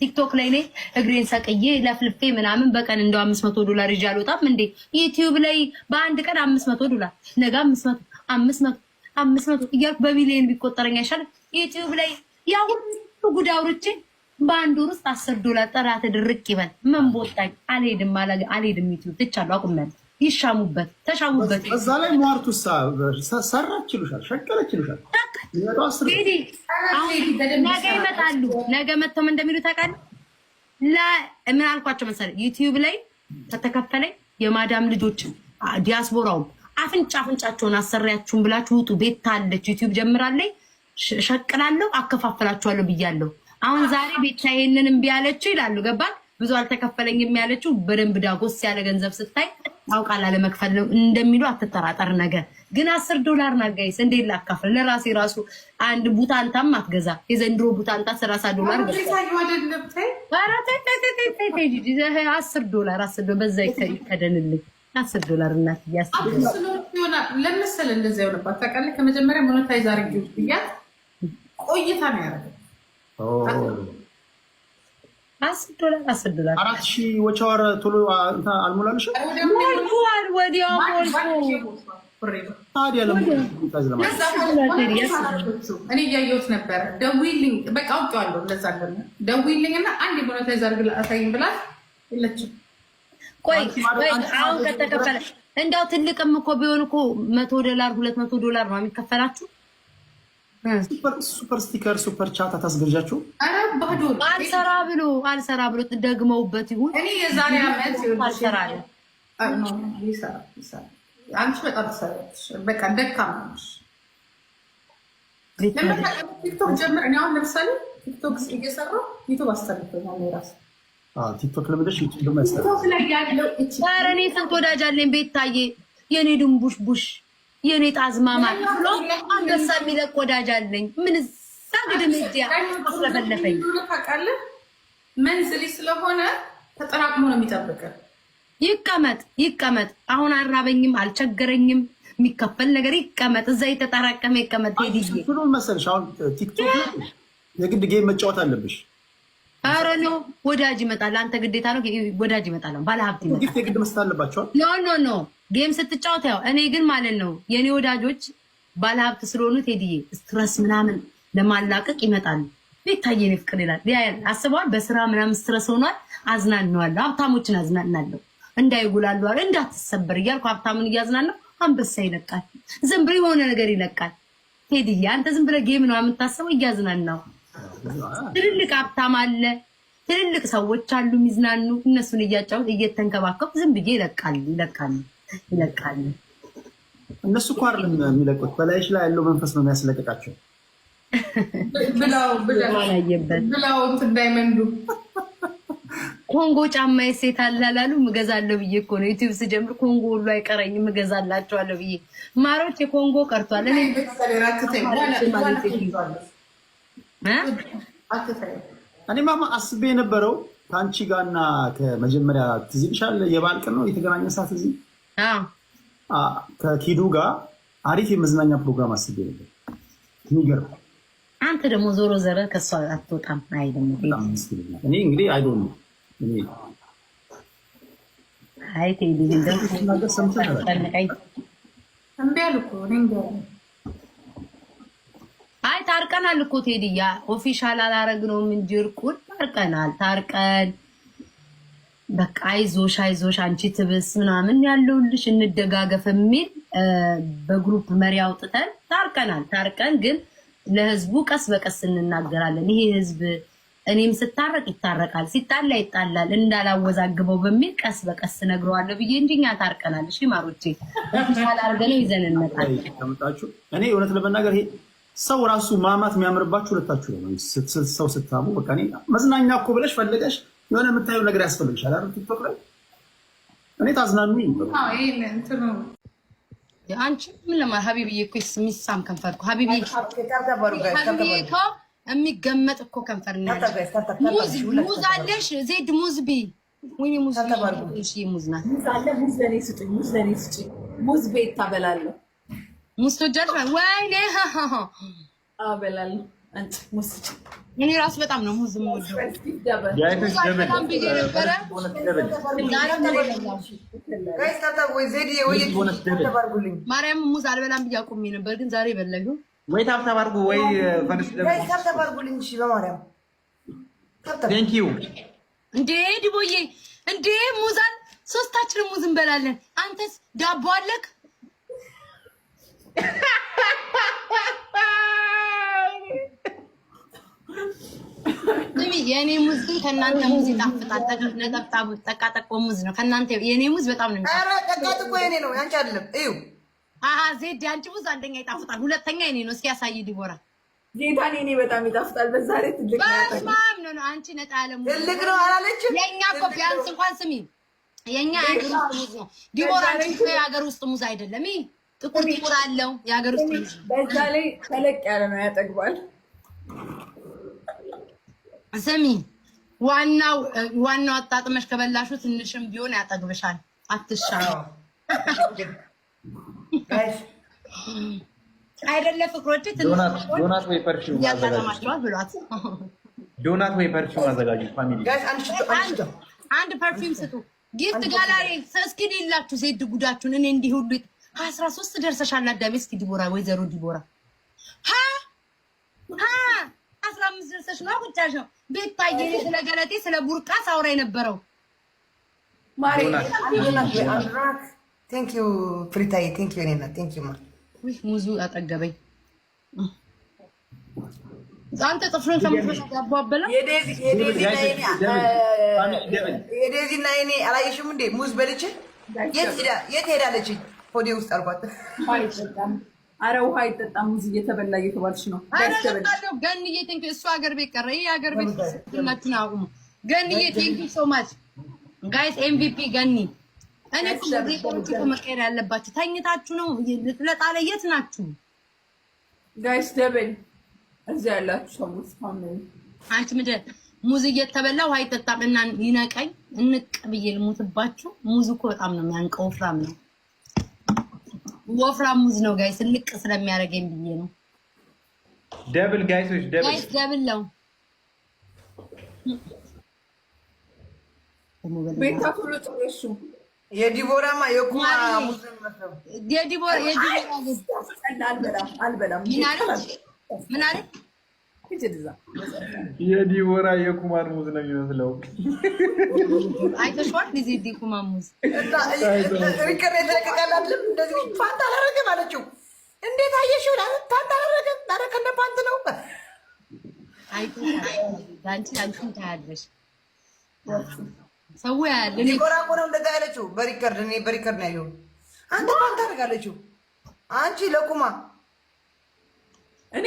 ቲክቶክ ላይ እኔ እግሬን ሰቅዬ ለፍልፌ ምናምን በቀን እንደው አምስት መቶ ዶላር ይዤ አልወጣም እንዴ? ዩቲዩብ ላይ በአንድ ቀን አምስት መቶ ዶላር ነገ አምስት መቶ አምስት መቶ አምስት መቶ እያልኩ በሚሊዮን ቢቆጠረኝ አይሻልም? ዩቲዩብ ላይ ያ ሁሉ ጉድ አውርቼ በአንድ ወር ውስጥ አስር ዶላር ጥራት ድርቅ ይበል። ምን ቦታኝ? አልሄድም አለ አልሄድም። ዩቲዩብ ትቻሉ አቁመል ይሻሙበት፣ ተሻሙበት። እዛ ላይ ሟርቱ ሰራች ይሉሻል፣ ሸቀለች ይሉሻል ነገ ይመጣሉ። ነገ መጥተውም እንደሚሉ ታውቃለህ። ምን አልኳቸው መሰለህ? ዩቲዩብ ላይ ከተከፈለኝ የማዳም ልጆች ዲያስፖራውም አፍንጫ አፍንጫቸውን አሰሪያችሁን ብላችሁ ውጡ። ቤት ታለች ዩቲዩብ ጀምራለች፣ ሸቅላለሁ፣ አከፋፈላችኋለሁ ብያለሁ። አሁን ዛሬ ቤታ ይሄንን እምቢ አለችው ይላሉ። ገባል ብዙ አልተከፈለኝም ያለችው በደንብ ዳጎስ ያለ ገንዘብ ስታይ አውቃላ ለመክፈል ነው እንደሚሉ አትጠራጠር። ነገር ግን አስር ዶላር ናጋይስ እንዴ ላካፍል? ለራሴ ራሱ አንድ ቡታንታም አትገዛ። የዘንድሮ ቡታንታ ሰላሳ ዶላር አስር ዶላር አስር ዶላር በዛ ይከደንልኝ። አስር ዶላር እናት እያስ እንደዚ ሆነባት ታውቃለህ። ከመጀመሪያ ሞኔታይዝ አርጊ ብያት ቆይታ ነው ያደረገው አስር ዶላር አስር ዶላር አራት ሺ ወቻዋር ቶሎ አልሞላልሽም። ሞልኩ ወዲያው ሞልኩ። ታዲያ እኔ እያየሁት ነበረ። ደውዪልኝ በቃ አውቄዋለሁ። ለዛ ለ ደውዪልኝ እና አንድ ሞኔታይዘር አድርግ አሳይኝ ብላት የለችም። ቆይ ቆይ አሁን ከተከፈለ እንዳው ትልቅም እኮ ቢሆን እኮ መቶ ዶላር ሁለት መቶ ዶላር ነው የሚከፈላችሁ ሱፐር ስቲከር፣ ሱፐር ቻት አታስገዣቸው። አልሰራ ብሎ አልሰራ ብሎ ደግመውበት ይሁን እኔ የዛሬ ዓመት አልሰራ አንቺ በጣም ትሰራለች። በቃ ደካማ ነች። ቲክቶክ ጀምር። እኔ አሁን ለምሳሌ ቲክቶክ እየሰራሁ ዩቱብ አስተልፈኛል ራስ ቲክቶክ ልምደሽ ዩቱብ ላይ ያለው ኧረ እኔ ስንት ወዳጅ አለኝ ቤት ታዬ የኔ ድንቡሽ ቡሽ የኔት አዝማማ ብሎ አንበሳ የሚለቅ ወዳጅ አለኝ። ምን እዛ ግድም እጃ አስለፈለፈኝ። ታውቃለህ፣ መንዝሊ ስለሆነ ተጠራቅሞ ነው የሚጠብቅ። ይቀመጥ ይቀመጥ። አሁን አራበኝም አልቸገረኝም። የሚከፈል ነገር ይቀመጥ፣ እዛ የተጠራቀመ ይቀመጥ። ሄድ ብሎ መሰለሽ አሁን ቲክቶክ የግድ ጌም መጫወት አለብሽ። አረ ኖ ወዳጅ ይመጣል። አንተ ግዴታ ነው ወዳጅ ይመጣል፣ ባለሀብት ይመጣል። የግድ መስጠት አለባቸዋል። ኖ ኖ ኖ ጌም ስትጫወት ያው እኔ ግን ማለት ነው የእኔ ወዳጆች ባለሀብት ስለሆኑ ቴዲዬ ስትረስ ምናምን ለማላቀቅ ይመጣሉ። ቤታዬ እኔ ፍቅር ይላል ያያል አስበዋል። በስራ ምናምን ስትረስ ሆኗል። አዝናናዋለሁ፣ ሀብታሞችን አዝናናለሁ። እንዳይጉላሉ አለ እንዳትሰበር እያልኩ ሀብታሙን እያዝናናው አንበሳ ይለቃል። ዝም ብሎ የሆነ ነገር ይለቃል። ቴዲዬ አንተ ዝም ብለህ ጌም ነው የምታስበው፣ እያዝናናው ትልልቅ ሀብታም አለ፣ ትልልቅ ሰዎች አሉ የሚዝናኑ። እነሱን እያጫወት እየተንከባከብ ዝም ብዬ ይለቃሉ እነሱ እኮ አይደለም የሚለቁት፣ በላይሽ ላይ ያለው መንፈስ ነው የሚያስለቅቃቸው። ኮንጎ ጫማ ሴት አላላሉ እገዛለሁ ብዬ እኮ ነው ዩቲዩብ ስጀምር ኮንጎ ሁሉ አይቀረኝም እገዛላቸዋለሁ ብዬ ማሮች የኮንጎ ቀርቷል። እኔማ አስቤ የነበረው ከአንቺ ጋርና ከመጀመሪያ ትዝ ይልሻል፣ የበዓል ቀን ነው የተገናኘ ሰዓት እዚህ ከኪዱ ጋር አሪፍ የመዝናኛ ፕሮግራም አስቤ ነበር። የሚገርም አንተ ደግሞ ዞሮ ዘረ ከእሷ አትወጣም። አይ ደግሞ እኔ እንግዲህ አይዶ ነው አይ ቴዲ ሰምተህ እምቢ አልኩ እኔ ታርቀናል እኮ ቴዲያ፣ ኦፊሻል አላረግነውም እንጂ እርቁን ታርቀናል። ታርቀን በቃ አይዞሽ አይዞሽ አንቺ ትብስ ምናምን ያለውልሽ እንደጋገፍ የሚል በግሩፕ መሪ አውጥተን ታርቀናል። ታርቀን ግን ለህዝቡ ቀስ በቀስ እንናገራለን። ይሄ ህዝብ እኔም ስታረቅ ይታረቃል፣ ሲጣላ ይጣላል፣ እንዳላወዛግበው በሚል ቀስ በቀስ ነግረዋለሁ ብዬ እንጂ እኛ ታርቀናል። እሺ ማሮቼ፣ ኦፊሻል አርገነው ይዘን እንመጣለን። እኔ እውነት ለመናገር ሰው ራሱ ማማት የሚያምርባችሁ ሁለታችሁ ነው። ሰው ስታሙ በቃ መዝናኛ እኮ ብለሽ ፈለገሽ የሆነ የምታየው ነገር ያስፈልግሻል አይደል? ቲክቶክ ላይ እኔ ታዝናኑ አንቺ ምን ለማ ሀቢብ እኮ የሚሳም ከንፈር ሀቢብዬ የሚገመጥ እኮ ከንፈር ሙዝ አለሽ ዜድ ሙዝ ቢ ሙዝ ሙዝ ናት ሙዝ ለእኔ ስጭኝ ሙዝ ለኔ ስጭ ሙዝ ቤት ታበላለሁ ሙስቶ ጃጅመንት ወይኔ አበላለሁ። እኔ ራሱ በጣም ነው ሙዝ ማርያም ሙዝ አልበላም ብዬ አቁሜ ነበር፣ ግን ዛሬ በላሁ። ወይ ታብታብ አድርጉ ወይ ታብታብ አድርጉልኝ እንዴ ዲቦዬ፣ እንዴ ሙዛን ሶስታችን ሙዝ እንበላለን። አንተስ ዳቦ አለክ? የእኔ ሙዝ ግን ከእናንተ ሙዝ ይጣፍጣል። ነጠብጣቡ ጠቃጠቆ ሙዝ ነው። ከእናንተ የእኔ ሙዝ በጣም ነው። ጠቃጠቆ የኔ ነው፣ ያንቺ አይደለም። እዩ ዜድ፣ ያንቺ ሙዝ አንደኛ ይጣፍጣል፣ ሁለተኛ የኔ ነው። እስኪ ያሳይ ዲቦራ። ዜዳን የኔ በጣም ይጣፍጣል። በዛ ትልቅ በጣም ነው። አንቺ ነጣ ያለ ሙዝ ትልቅ ነው አላለችም? የእኛ እኮ ቢያንስ እንኳን ስሚ፣ የእኛ የሀገር ውስጥ ሙዝ ነው። ዲቦራ፣ አንቺ የሀገር ውስጥ ሙዝ አይደለም። ጥቁር ጥቁር አለው የሀገር ውስጥ በዛ ላይ ተለቅ ያለ ነው ያጠግባል። ስሚ ዋናው ዋናው አጣጥመሽ ከበላሹ ትንሽም ቢሆን ያጠግብሻል። አትሻል አይደለ ፍቅሮች ዶናት ወይ ፐርፊውም ያጣጥማቸዋል ብሏት። ዶናት ወይ ፐርፊውም አዘጋጁ ፋሚሊ። አንድ ፐርፊውም ስጡ ጊፍት ጋላሪ ሰስኪድ የላችሁ ሴት ጉዳችሁን እኔ እንዲህ ሁሉ አስራ ሶስት ደርሰሻል። አዳሜ እስኪ ዲቦራ፣ ወይዘሮ ዲቦራ አስራ አምስት ደርሰሽ ነው ቁጫሽ ነው ቤት ታየኔ ስለ ገለጤ ስለ ቡርቃ ሳውራ የነበረው ሙዙ አጠገበኝ። አንተ ጥፍርን የዴዚና የኔ አላየሽም እንዴ? ሙዝ በልቼ የት ሄዳለችኝ? ሆዴ ውስጥ አርጓት። አረ ውሃ አይጠጣም። ሙዝ እየተበላ እየተባልሽ ነው። ገንዬ ቴንክ እሱ ሀገር ቤት ቀረ። ይህ ሀገር ቤት መትን አቁሙ። ገንዬ ቴንክ ሶ ማች ጋይስ። ኤምቪፒ ገኒ። እኔ መቀየር ያለባችሁ ተኝታችሁ ነው። ልጥለጣ ላይ የት ናችሁ ጋይስ? ደበል እዚ ያላችሁ ሰዎች አንቺ ምድር ሙዝ እየተበላ ውሃ አይጠጣም እና ይነቀኝ እንቅ ብዬ ልሙትባችሁ። ሙዝ እኮ በጣም ነው የሚያንቀው፣ ወፍራም ነው ወፍራም ሙዝ ነው ጋይስ፣ ልቅ ስለሚያደርገኝ ብዬ ነው። ደብል ጋይሶች፣ ደብል ደብል ነው። የዲቦራማ የኩማ ሙዝ ነው። የዲቦራ የዲቦራ አልበላም። ምን አለች? ምን አለች? የዲቦራ የኩማን ሙዝ ነው የሚመስለው። አይተሽዋል? ጊዜ ዲኩማን ሙዝ ሪቀሬተቀቀላልም እንደዚህ ፓንት አላረገም አለችው። እንዴት አየሽ? ፓንት አላረገም ዳረከነ ፓንት ነው አንቺ አንቺ ታያለሽ። ሰው ያለ ዲቦራ ነው እንደዛ ያለችው። በሪከርድ እኔ በሪከርድ ነው ያየሁት። አንተ ፓንት አረጋለችው አንቺ ለኩማ እኔ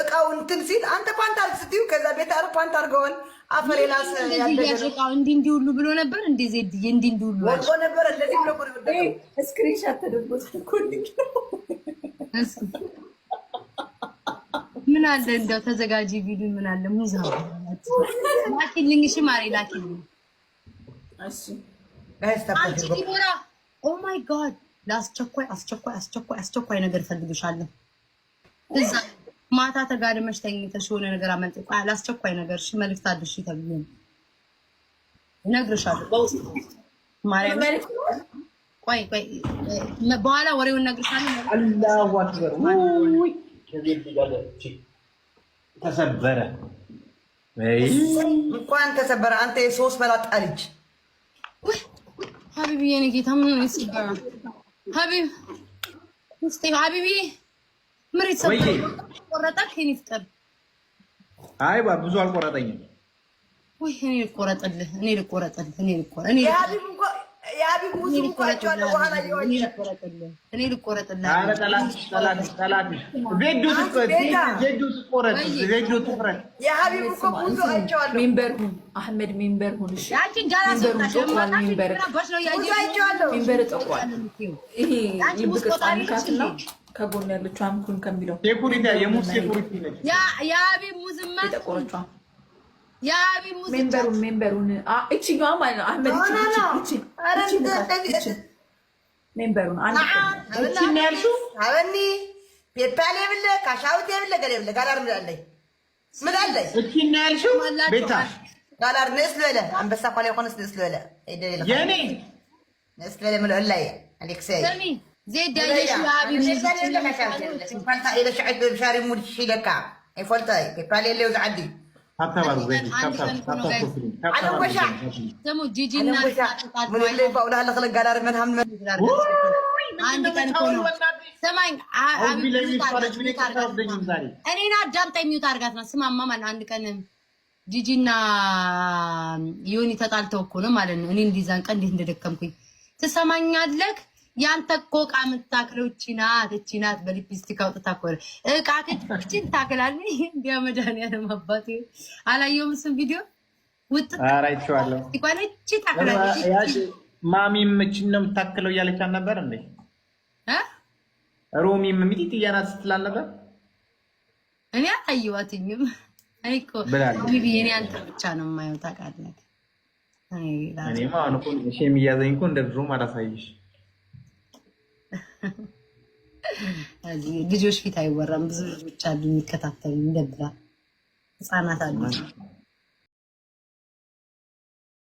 እቃው እንትን ሲል አንተ ፓንት ስትዩ ከዛ ቤት አር ፓንት አርገዋል። አፈር የላሰ ያሸቃው እንዲ እንዲ ሁሉ ብሎ ነበር። እንዲ ዜድዬ እንዲ እንዲ ሁሉ ወጥቆ ነበር። እንደዚህ ብሎ ስክሪንሻት ተደርጎ ምን አለ እንደው ተዘጋጂ ቪዲ ምን አለ ሙዛ ላኪልኝ። እሺ ማሪ ላኪልኝ። ኦ ማይ ጋድ ለአስቸኳይ አስቸኳይ አስቸኳይ አስቸኳይ ነገር ፈልግሻለሁ እዛ ማታ ተጋድመሽ ተኝተሽ የሆነ ነገር አመልጥ ለአስቸኳይ ነገር መልዕክት አድርሽ ተብዬ እነግርሻለሁ። በኋላ ወሬውን እነግርሻለሁ። አላሁ አክበር ተሰበረ። እንኳን ተሰበረ። አንተ የሶስት መላጣ ልጅ ሀቢብዬ፣ እኔ ጌታ ምን ሀቢብ ሀቢብዬ ምሬት ቆረጠ ኔ ፍጠር አይ ብዙ አልቆረጠኝም። ወይ እኔ ልቆረጥልህ፣ እኔ ልቆረጥልህ፣ እኔ ልቆረጥልህ፣ ይሄ ነው ከጎን ያለችው አምኩኝ ከሚለው የአቢብ ሙዝማ የጠቆረችዋ የአቢብ ሙዝ ሜምበሩን ሜምበሩን እችኛዋ ማለት ነው። አህመድ ሜምበሩን እችን ያልሽው አበኒ ፔፓል ብለ ካሻውት የብለ ገለ የብለ ጋላር ምላለይ ምላለይ እችን ያልሽው ቤታ ጋላር ነስ ለለ አንበሳ ኳላ የሆነ ነስ ለለ የኔ ነስ ለለ አሌክሴይ ሰሚ زيد يا شباب እኔን አዳምጣ የሚውጣ አንድ ቀን ጂጂና ዮኒ ተጣልተው እኮ ነው ማለት ነው። እኔ እንዲዛን ቀን እንዴት እንደደከምኩኝ ትሰማኛለህ? ያንተ እኮ እቃ የምታክለው እቺ ናት፣ እቺ ናት። በሊፕስቲክ አውጥታ እኮ እቃ ክችን ታክላል። ይህ መድኃኒዓለም አባቴ አላየሁም። ስም ቪዲዮ ውጥ እቺ ታክላለች። ማሚም እችን ነው የምታክለው እያለች አልነበር እንዴ? ሮሚም ሚጢጥ እያናት ስትላል ነበር። እኔ አላየኋትኝም እኮ እኔ አንተ ብቻ ነው የማየው። ታውቃለህ፣ እኔማ አሁን እኮ እሺ የሚያዘኝ እኮ እንደ ድሮም አላሳይሽ ልጆች ፊት አይወራም። ብዙ ልጆች አሉ የሚከታተሉ እንደብላ ህጻናት አሉ።